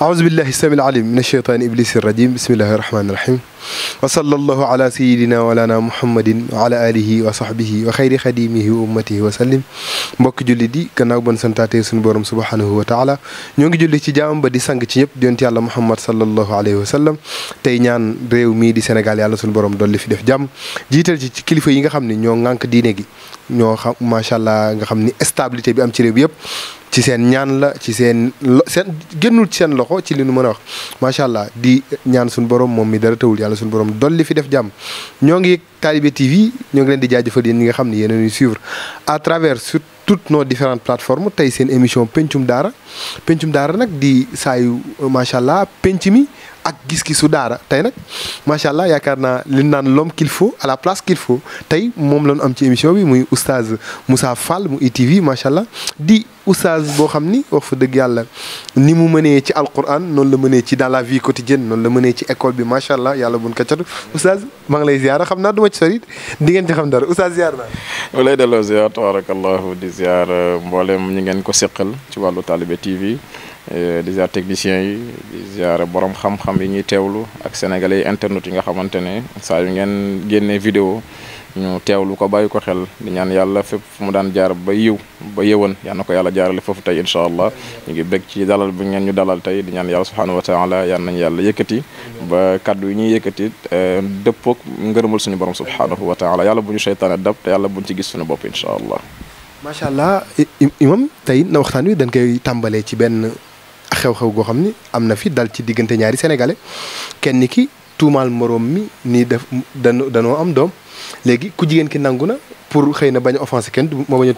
أعوذ بالله السميع العليم من الشيطان إبليس الرجيم بسم الله الرحمن الرحيم وصلى الله على سيدنا ولانا محمد wa آله وصحبه وخير خديمه وأمته وسلم mbokk julli di ka gannaaw bon santaate suñu borom subhanahu wa taala ñoo ngi julli ci jaam ba di sang ci ñëpp yonent yàlla Muhammad sallallahu alayhi wa sallam tey ñaan réew mii di Sénégal yàlla suñu borom dolli fi def jàmm jiital ci ci kilifa yi nga xam ne ñoo ŋànk diine gi ñoo xam macha nga xam ni stabilité bi am ci yëpp ci seen ñaan la ci seen seen génnul ci seen loxo ci li nu mën a wax macha allah di ñaan suñu borom moom mi dara tawul yàlla suñu borom dolli fi def jàmm ñoo ngi Talibe TV ñoo ngi leen di jaajëfal yéen ñi nga xam ne yeneen a ñuy suivre à travers sur toutes nos différentes plateformes tey seen émission pencum daara pencum daara nag di saa yu macha allah penc mi. ak gis-gisu daara tey nag macha allah yaakaar naa li naan l'homme qu'il faut à la place qu'il faut tey moom la am ci émission bi muy oustaz Moussa Fall mu ITV macha allah di oustaz boo xam ni wax fa dëgg yàlla ni mu mënee ci alquran noonu la mënee ci dans la vie quotidienne noonu la mënee ci école bi macha allah yàlla buñ ko catu oustaz ngi lay ziara xam naa du ma ci sori di ngeen ci xam dara oustaz ziar naa. ma lay delloo ziar tabarakallahu di ziar mboolem ngeen ko seqal ci wàllu Talibe TV. Euh, di ziar techniciens yi di ziar borom xam-xam yi ñuy teewlu ak sénégalais yi internet yi nga xamante ne saa yu ngeen génne vidéo ñu teewlu ko bàyyi ko xel di ñaan yàlla fépp fu mu daan jaar ba yiw ba yëwan yal na ko yàlla jaarale foofu tey incha allah ñu ngi bég ci dalal bi ngeen ñu dalal tey di ñaan yàlla subhanahu wa taala yal nañu yàlla yëkkati ba kaddu yi ñuy yëkkati euh, dëppoog ngërëmal suñu borom subhanahu wa taala yàlla bu ñu seytaane dab te yàlla buñ ci gis suñu bopp incha allah macha allah imam tey na ci benn xew-xew goo xam ni am na fi dal ci diggante ñaari sénégalais kenn ki tuumaal moroom mi nii def dan danoo am doom léegi ku jigéen ki nangu na pour xëy na bañ a offensé kenn moo bañ a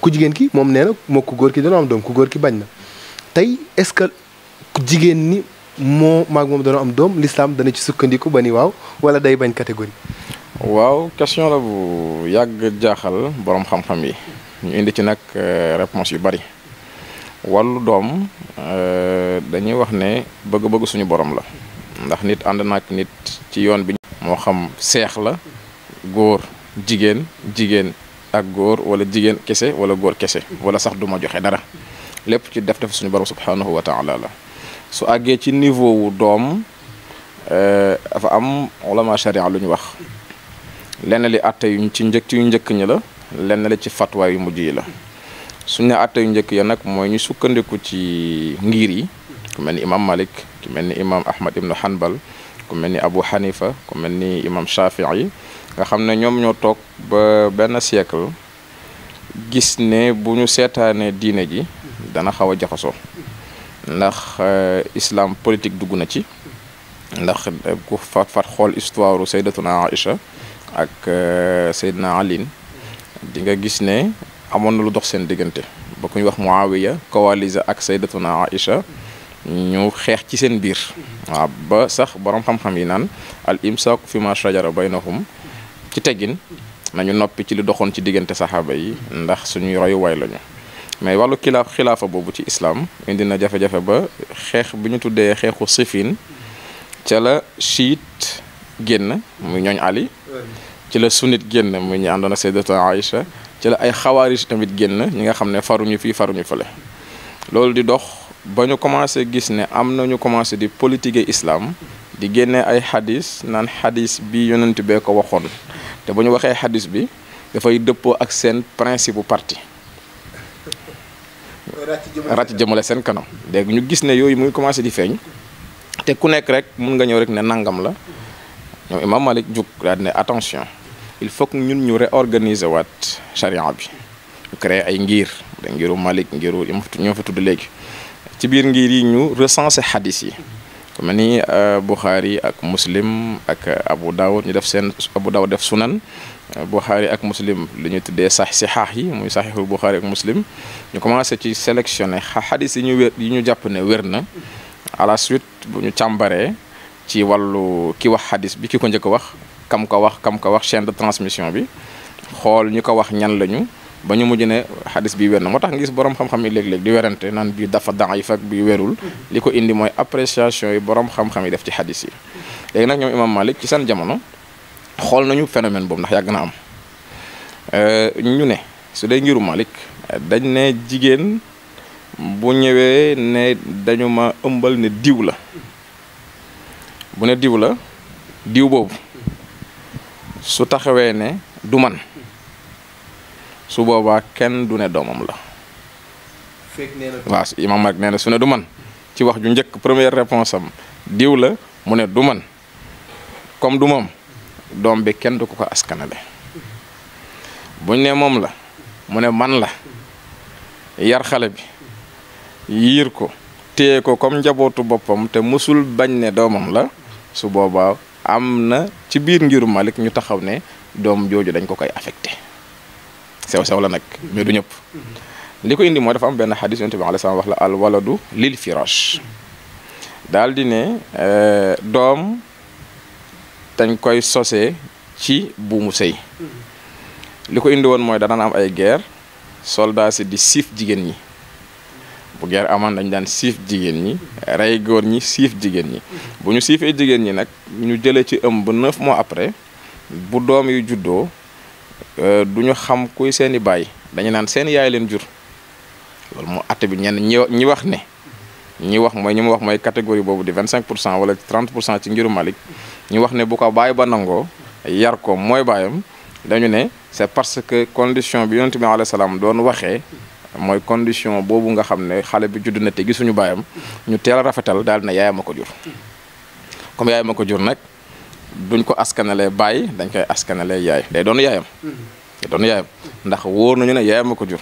ku jigéen ki moom nee na moo ku góor ki danoo am doom ku góor ki bañ na tey est-ce que ku jigéen ni moo mag moom danoo am doom l'islam dana ci sukkandiku ba ni waaw wala day bañ catégorie waaw question la bu yàgg jaaxal borom xam-xam yi ñu indi ci nag euh, réponse yu bari wallu doom euh, dañuy wax ne bëgg-bëgg suñu borom la ndax nit ànd naak nit ci yoon bi moo xam seex la góor jigéen jigéen ak góor wala jigéen kese wala góor kese wala sax duma joxe dara lépp ci def def suñu borom subhanahu wa taala la su àggee ci niveau wu doom euh, dafa am ulama sharia lu ñu wax lenn li àtte yuñ ci njëkk yu njëkk ñi la lenn li ci fatwa yu mujj yi la suñ ne atte njëkk ya nag mooy ñu sukkandiku ci ngir yi ku mel ni imam malik ku mel ni imam ahmad ibnu hanbal ku mel ni abu hanifa ku mel ni imam shafii nga xam ne ñoom ñoo toog ba benn siècle gis ne bu ñu seetaane diine ji dana xaw a jaxasoo ndax euh, islam politique dugg na ci ndax euh, ku fat fat xool histoire saydatuna aïcha ak euh, saydna alin di nga gis ne amon lu dox sen digënté ba kuñ wax Muawiya coalisé ak sayyidatuna aisha ñu xex ci sen bir wa ba sax borom xam-xam yi nan al imsak fi ma shajara baynahum ci teggin nañu nopi ci li doxon ci digënté sahaba yi ndax suñu suñuy way lañu mais walu khilaf khilafa bobu ci islam indi na jafe-jafe ba xex bi tuddé xexu sifin ci la shit génn muy ñoñ Ali ci la sunnite génn muy ñu àndoon ak saydatuna ci la ay xawaaris tamit génn ñi nga xam ne faruñu fii faruñu fële loolu di dox ba ñu commencé gis ne am na ñu commencé di politiquer islam di génne ay xadis naan xadis bi yonent bee ko waxoon te ba ñu waxee xadis bi dafay dëppoo ak seen principe bu parti ràcc jëmale seen kanam dégg ñu gis ne yooyu muy commencé di feeñ te ku nekk rek mun nga ñëw rek ne nangam la ñoom imam malik jug daal ne attention il faut que ñun ñu réorganiser waat charia bi ñu créé ay ngiir da ngiru Malik ngiru ñoo fa tudd léegi ci biir ngiir yi ñu recensé xadis yi ku mel ni euh, Bukhari ak Muslim ak Abu Dawud ñu def seen Abu Dawud def sunan euh, Bukhari ak Muslim lu ñu tuddee sax si xaax yi muy saxiixul Bukhari ak Muslim ñu commencé ci sélectionné xadis yi ñu yi ñu jàpp ne wér na à la suite bu ñu càmbaree ci wàllu ki wax xadis bi ki ko njëkk wax kam ko wax kam ko wax chaîne de transmission bi xool ñu ko wax ñan lañu ba ñu mujj ne xadis bi wér na moo tax nga gis borom xam-xam yi léeg-léeg di werante naan bii dafa daif ak bii wérul li ko indi mooy appréciation yi borom xam yi def ci xadis léegi nag ñoom imam Malik ci seen jamono xool nañu phénomène boobu ndax yàgg na am euh, ñu ne su dee ngiru Malik dañ ne jigéen bu ñëwee ne dañu ma ëmbal ne diw la bu ne diw la diw boobu. su taxawee ne du man su boobaa kenn du ne doomam la. waaw imam Malik nee na su ne du man ci wax ju njëkk première réponse diw la mu ne du man comme du moom doom bi kenn du ko ko askanale buñ ne moom la mu ne man la yar xale bi yiir ko téye ko comme njabootu boppam te mësul bañ ne doomam la su boobaa am na ci biir ngiru Malick ñu taxaw ne doom jooju dañ ko koy affecté sew sew la nag mais du ñëpp mm-hmm. li ko indi mooy dafa am benn xadis yonent bi alayhi salaam wax la al waladu lil firash mm-hmm. daal di ne eh, doom dañ koy sosee ci buumu sëy mm-hmm. li ko indi woon mooy danaan am ay guerre soldats di siif jigéen ñi bu guerre amoon dañ daan siif jigéen ñi rey góor ñi siif jigéen ñi bu ñu siifee jigéen ñi nag ñu jëlee ci ëmb ba neuf mois après bu doom yu juddoo euh, du ñu xam kuy seeni bàyyi dañu naan seen yaay leen jur loolu moo atte bi ñenn ñi wax ne ñi wax mooy ñi wax mooy catégorie boobu di 25 pour wala 30 pour cent ci ngiru Malik ñu wax ne bu ko bàyyi ba nangoo yar ko mooy bàyyam dañu ne c'est parce que condition bi yonent bi alayhi salaam doon waxee mooy condition boobu nga xam ne xale bi judd na te gisuñu baayam ñu teel a rafetal daal na yaayam a ko jur comme yaayam a ko jur nag duñ ko askanalee baay dañ koy askanalee yaay day doon yaayam day doon yaayam ndax wóor nañu ne yaayam a ko jur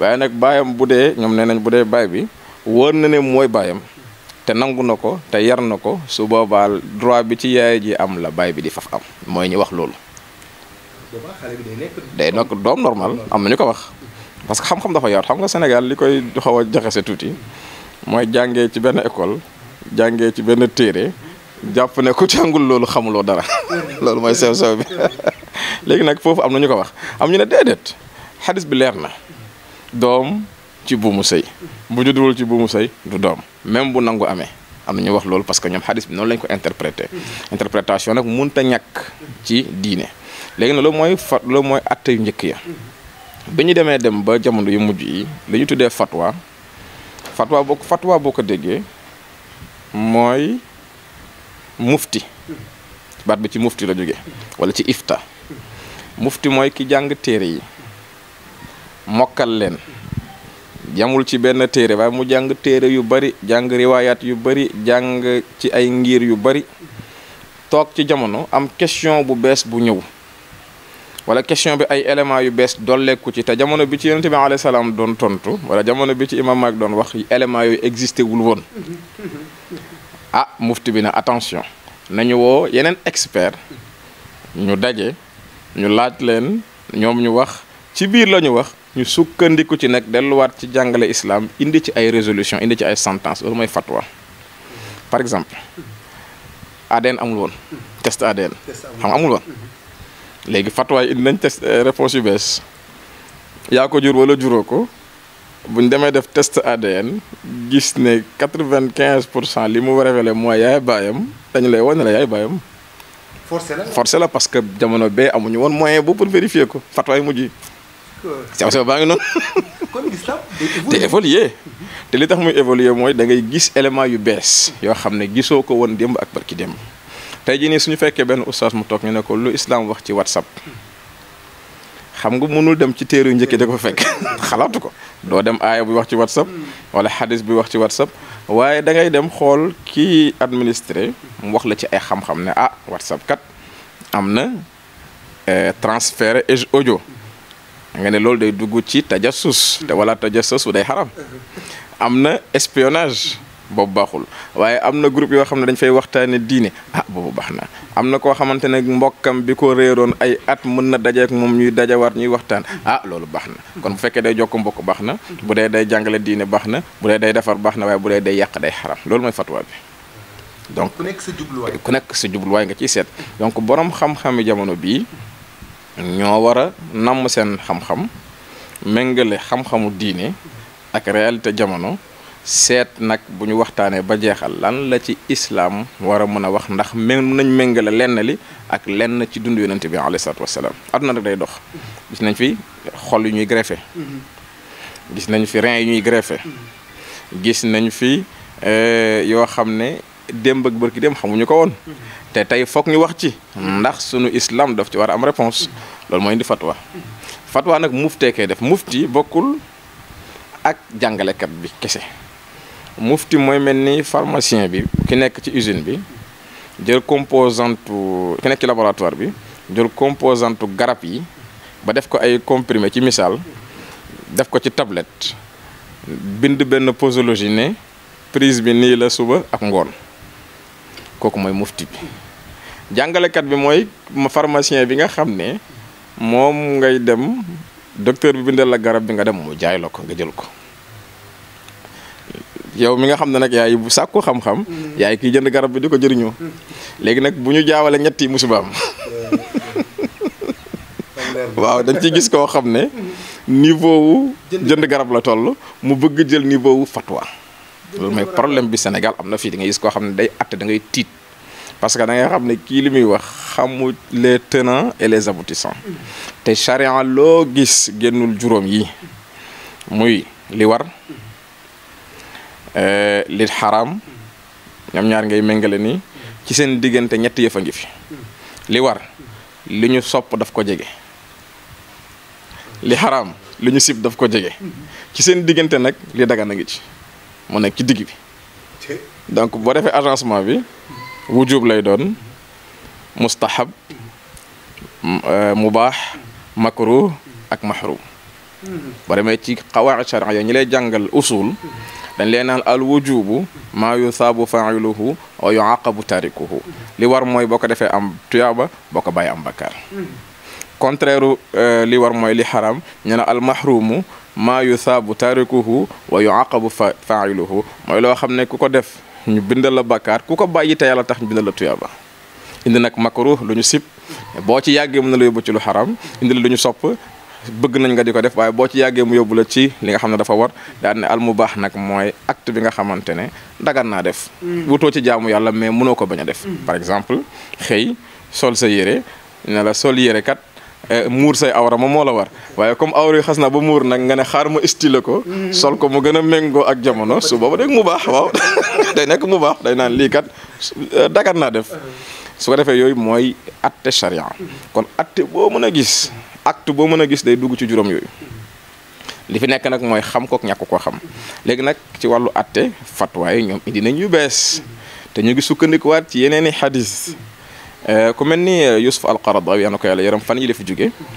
waaye nag baayam bu dee ñoom ne nañ bu dee baay bi wóor na ne mooy baayam te nangu na ko te yar na ko su boobaal droit bi ci yaay ji am la baay bi di faf am mooy ñu wax loolu day nag doom normal am na ñu ko wax parce que xam-xam dafa yaatu xam nga Sénégal li koy xaw a jaxase tuuti mooy jànge ci benn école jàngee ci benn téere jàpp ne ku jàngul loolu xamuloo dara loolu mooy sew sew bi léegi nag foofu am na ñu ko wax am ñu ne déedéet xadis bi leer na doom ci buumu sëy bu judduwul ci buumu sëy du doom même bu nangu amee am na ñu wax loolu parce que ñoom xadis bi noonu lañ ko interprété interprétation nag munta ñàkk ci diine léegi nag loolu mooy fa loolu mooy atte njëkk ya bi ñu demee dem ba jamono yu mujj yi dañu tuddee fatwa fatwa boo fatwa boo déggee mooy mufti baat bi ci mufti la jóge wala ci ifta mufti mooy ki jàng téere yi mokkal leen jamul ci benn téere waaye mu jàng téere yu bari jàng riwaayaat yu bari jàng ci ay ngiir yu bari toog ci jamono am question bu bees bu ñëw la question bi ay éléments yu ci jamono bi ci tontu wala jamono bi ci imam wax éléments yu existé wul won ah mufti attention nañu wo yenen expert ñu dajé ñu laaj leen ñom ñu wax ci wax ñu ci ci islam indi ci ay résolution indi ci ay sentence fatwa par exemple test ADN xam amul léegi fatwa indi nañ test eh, réponse yu bees yaa ko jur wala juróo buñ def test ADN gis ne 95% vingt quinze pour cent li révélé mooy yaay bayam dañu lay wane la yaay bayam forcé la forcé la parce que jamono bee amuñu moyen pour vérifier ko fatwa mujj yi. sama sama baa ngi noonu. kon l'islam day te li tax muy évoluer mooy da ngay gis élément yu bees yoo xam ne gisoo ko woon démb ak barki démb. tay jini suñu fekke ben oustaz mu tok ñu ne ko lu islam wax ci whatsapp xam nga mënul dem ci téere ñëkke da ko fekk xalatu ko do dem aaya bu wax ci whatsapp wala hadith bu wax ci whatsapp waye da ngay dem xol ki administré mu wax la ci ay xam-xam ne ah whatsapp kat am na transfert audio nga ne lol day dugg ci tajassus te wala tajassus day haram amna espionnage boobu baaxul waaye am na groupe yoo xam ne dañ fay waxtaane diine ah boobu baax na am na koo xamante ne mbokkam bi ko réeroon ay at mën na dajeek moom ñuy dajawaat ñuy waxtaan ah loolu baax na kon bu fekkee day jokk mbokk baax na bu dee day jàngale diine baax na bu dee day defar baax na waaye bu dee day yàq day xaram loolu mooy fatwa bi donc ku nekk sa jubluwaay ku nekk sa jubluwaay nga ciy seet donc borom xam-xami jamono bii ñoo war a namm seen xam-xam méngale xam-xamu diine jamono Set nak buñu waxtane ba jeexal lan la ci islam wara mëna wax ndax mé nañ mengal lenn li ak lenn ci dund yonent bi alayhi salatu wassalam aduna rek day dox gis nañ fi xol yu ñuy greffé gis nañ fi rein yu ñuy greffé gis nañ fi euh yo ne demb ak barki dem xamuñu ko won té tay fokk ñu wax ci ndax sunu islam daf ci wara am réponse lool moy indi fatwa fatwa nag kay def mufti bokul, ak kat bi kese mufti mooy mel ni pharmacien bi ki nekk ci usine bi jël composante ki nekk ci laboratoire bi jël composante garab yi ba def ko ay comprimé ci misaal def ko ci tablette bind benn posologie ne prise bi nii la suba ak ngoon kooku mooy mufti bi jàngalekat bi mooy pharmacien bi nga xam ne moom ngay dem docteur bi bindal la garab bi nga dem mu jaay la ko nga jël ko yow mi nga xam ne nag yaay bu sakku xam-xam mm. yaay ki jënd garab bi diko jëriñu mm. légui nak buñu jaawale ñetti musubam waaw dañ ci gis ko xamne ne niveau wu jënd garab la tollu mu bëgg jël niveau fatwa lool problem problème bi Sénégal amna fi di nga gis ko xamne day atte da ngay tit parce que da ngay xamne ne limi letena wax xamu les tenants et les aboutissants mm. te charia lo gis gennul juróom yi muy li war Eh, lit xaraam ñoom ñaar ngay méngale ni ci seen diggante ñetti yëf fi li war li ñu sopp daf ko jege li xaraam li ñu sib daf ko jege ci seen diggante nag li daga a ngi ci mu nekk ci digg bi donc boo defee agencement bi wujub lay doon mustahab eh, mubaax makruh ak mahrum ba demee ci xawaa charia ñi lay jàngal usul dañ leen naan al wujubu maa yusaabu failuhu wa yuaqabu tarikuhu li war mooy boo ko defee am tuyaaba boo ko bàyyi am bakkaar contraire euh, li war mooy li xaram ñu ne al mahrumu maa yusaabu tarikuhu wa yuaqabu failuhu mooy loo xam ne ku ko def ñu bindal la bakkaar ku ko bàyyi te yàlla tax ñu bindal la tuyaaba indi nag makruh lu ñu sib boo ci yàggee mën na la yóbbu ci lu xaram indi la lu ñu sopp bëgg nañ nga di ko def waaye boo ci yàggee mu yóbbu la ci li nga xam ne dafa war daal na al mu baax nag mooy acte bi nga xamante ne dagan naa def mm. wutoo ci jaamu yàlla mais mënoo ko bañ a def mm. par exemple xëy sol sa yére ne la sol yére kat eh, muur say awra ma moo la war waaye comme awra yi xas na ba muur nag nga ne xaar ma style ko mm. sol ko mu gën a méngoo ak jamono su booba dégg mu baax waaw day nekk mu baax day naan lii kat eh, dagan naa def su ko defee yooyu mooy atte acte bo meuna gis day dugg ci juroom yoy li fi nek nak moy xam ak ñak ko xam legi nak ci walu atté fatwa yi ñom indi nañ yu bees te ñu hadis, wat ci yeneen hadith eh, euh ku melni eh, Yusuf al-Qaradawi yal na ko yàlla yaram fan yi li fi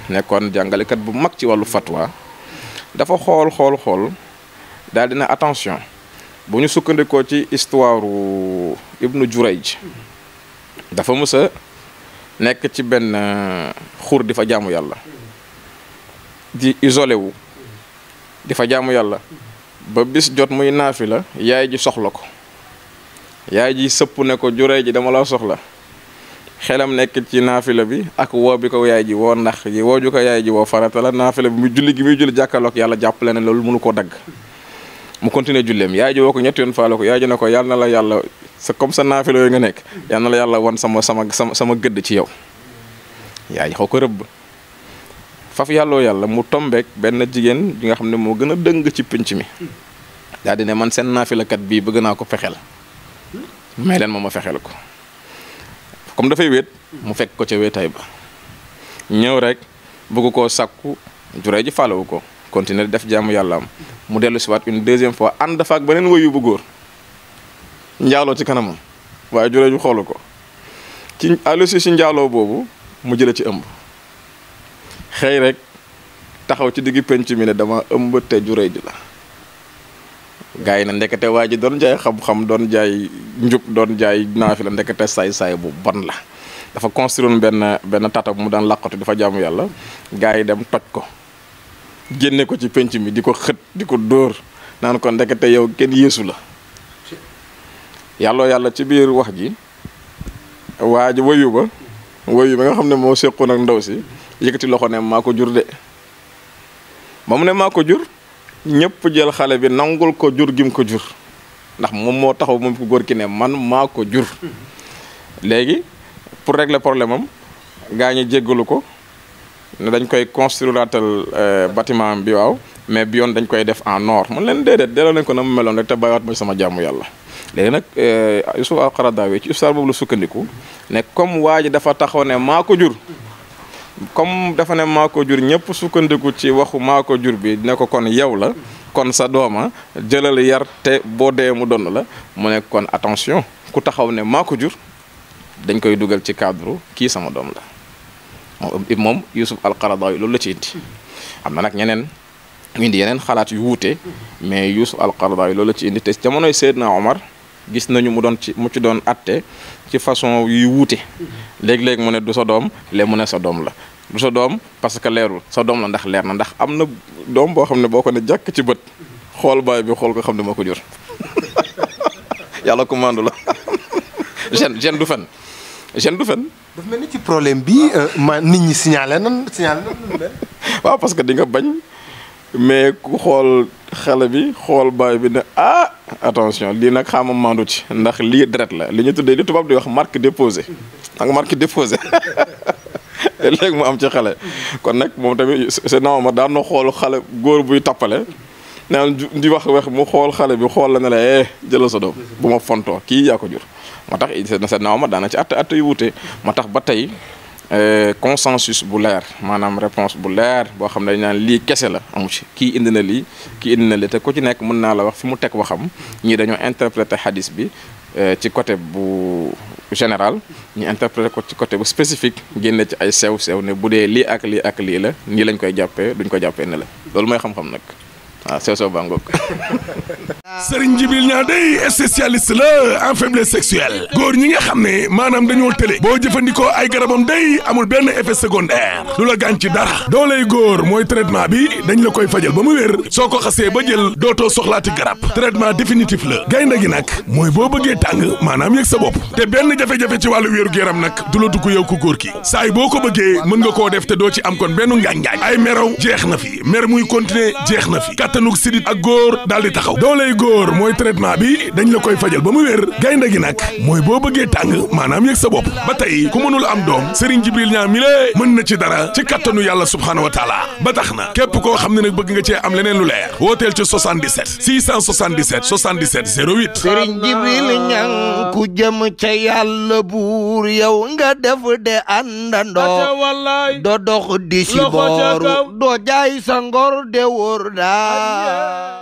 nekkon jangale kat bu mag ci walu fatwa dafa xol xol xol dal dina attention bu ñu ko ci histoire Ibnu Jurayj dafa musa, nek nekk ci benn eh, xur di fa jaamu yàlla di isolé wu di fa jaamu yàlla ba bis jot muy naafi la yaay ji soxla ko yaay ji sëpp ne ko juree ji dama la soxla xelam nekk ci naafila bi ak woo bi ko yaay ji woo ndax ji woo ju yaay ji woo farata la naafila bi mu julli gi muy julli jàkkaloog yàlla jàppale ne loolu mënu koo dagg mu continuer yaay ji woo ko ñetti yoon ko yaay ji ne ko yàlla na la yàlla sa comme sa naafila yooyu nga nekk yàlla na la yàlla wan sama sama sama gëdd ci yow yaay ji xaw ko rëbb faf yàlloo yàlla mu tombeek benn jigéen bi nga xam ne moo gën a dëng ci pénc mi daal ne man seen naafilakat bii bëgg naa ko fexeel may leen ma ma fexeel ko comme dafay wéet mu fekk ko ca wéetaay ba ñëw rek bëgg koo sàkku juree ji faalawu ko continuer def jaamu yàlla am mu dellu siwaat une deuxième fois ànd dafa ak beneen woyu bu góor njaaloo ci kanamam waaye juree ju xoolu ko ci àllusi si njaaloo boobu mu jële ci ëmb xëy rek taxaw ci digg penc mi ne dama ëmb te ju ji la gars yi na ndekete waa ji doon jaay xam-xam doon jaay njub doon jaay naafi la ndekete saay-saay bu bon la dafa construire benn benn tata bu mu daan làqatu dafa jaamu yàlla gars yi dem toj ko génne ko ci penc mi di ko xët di ko dóor naan ko ndekete yow kenn yéesu la yàlloo yàlla ci biir wax ji waa ji wayu ba wayu ba nga xam ne moo séqoon ak ndaw si yëkkati loxo ne maa ko jur de ba mu ne maa ko jur ñëpp jël xale bi nangul ko jur gim ko jur ndax moom moo taxaw moom ko góor ki ne man maa ko jur léegi pour régle problème am gaa ñi jéggalu ko ne dañ koy construiratal euh, bâtiment bi waaw mais bi yoon dañ koy def en or mun leen déedéet delloo nañ ko na mu meloon rek te bàyyiwaat mooy sama jaamu yàlla léegi nag euh, Yusuf al-Qaradawi ci ustaar boobu la sukkandiku ne comme waa ji dafa taxaw ne maa ko jur comme dafa ne maa jur ñëpp sukkandiku ci waxu maako jur bi ne ko kon yow la kon sa dooma jëlal yar te boo dee mu donn la mu ne kon ku taxaw ne maa jur dañ koy dugal ci cadre kii sama doom la moom Yusuf al-Qaradawi loolu la ci indi am na nag ñeneen ñu indi yeneen xalaat yu wuute mais Yusuf al-Qaradawi loolu la ci indi te jamonoy Seydina Omar gis nañu mu doon ci mu ci doon atte ci façon yu wuute léegi-léegi mu ne du sa doom léegi mu ne sa doom la so dom parce que leerul so dom la ndax leer na ndax amna na bo xamne boko ne jak ci beut xol bay bi xol ko mako ne yalla ko mandu la jeune jeune du fan jeune du fan daf melni ci problème bi euh, ma nit ñi signaler nan signaler nan wa parce que di nga bañ mais ku xol xale bi xol bay bi ne ah attention li nak xam mandu ci ndax li dret la li ñu tuddé li tubab di wax marque déposée xam nga marque déposée léeg-léeg mu am ci xale kon nag moom tamit Seydina Omar daan na xool xale góor buy tappale naan di wax weex mu xool xale bi xool la ne la eh jëlal sa bu ma fontoo kii yaa ko jur moo tax Seydina Omar daan na ci att att yu wuute moo tax ba tey eh, consensus bu leer maanaam réponse bu leer boo xam ne dañ naan lii kese la amu ci kii indi na lii kii indi na lii te ku ci nekk mën naa la wax fu mu teg waxam ñii dañoo interpréter xadis bi eh, ci côté bu général ñu interprété ko ci côté bu spécifique génne ci ay sew sew ne bu dee lii ak lii ak lii la nii lañ koy jàppee duñ ko jàppee ne la loolu mooy xam-xam nag waaw ah, soo soo bàngoog Serigne Djibril Niang day spécialiste la en faiblesse sexuelle góor ñi nga xam ne maanaam dañoo tële boo jëfandikoo ay garabam day amul benn effet secondaire lu la gaañ ci dara dooley góor mooy traitement bi dañu la koy fajal ba mu wér soo ko xasee ba jël dootoo soxlaati garab traitement définitif la gaynde gi nag mooy boo bëggee tàng maanaam yëg sa bopp te benn jafe-jafe ci wàllu wéeru yaram nag du la dugg yow ku góor ki saay boo ko bëggee mën nga koo def te doo ci am kon benn ngaañ ay meraw jeex na fi mer muy continuer jeex na kàttanug sidit ak góor dal di taxaw dooley góor moy traitement bi dañ la koy fajal ba mu wer gaynde gi nak moy bo beugé tang manam yek sa bop ba ku mënul am dom Serigne Jibril ñaa milée mën na ci dara ci katanu yalla subhanahu wa taala ba taxna na képp koo xam ne bëgg nga ci am leneen lu leer wooteel ci 77 677 77 08 Serigne Jibril ñang ku jëm ci yalla bur yow nga def de andando do dox di ci bor do jaay sangor de wor da yeah.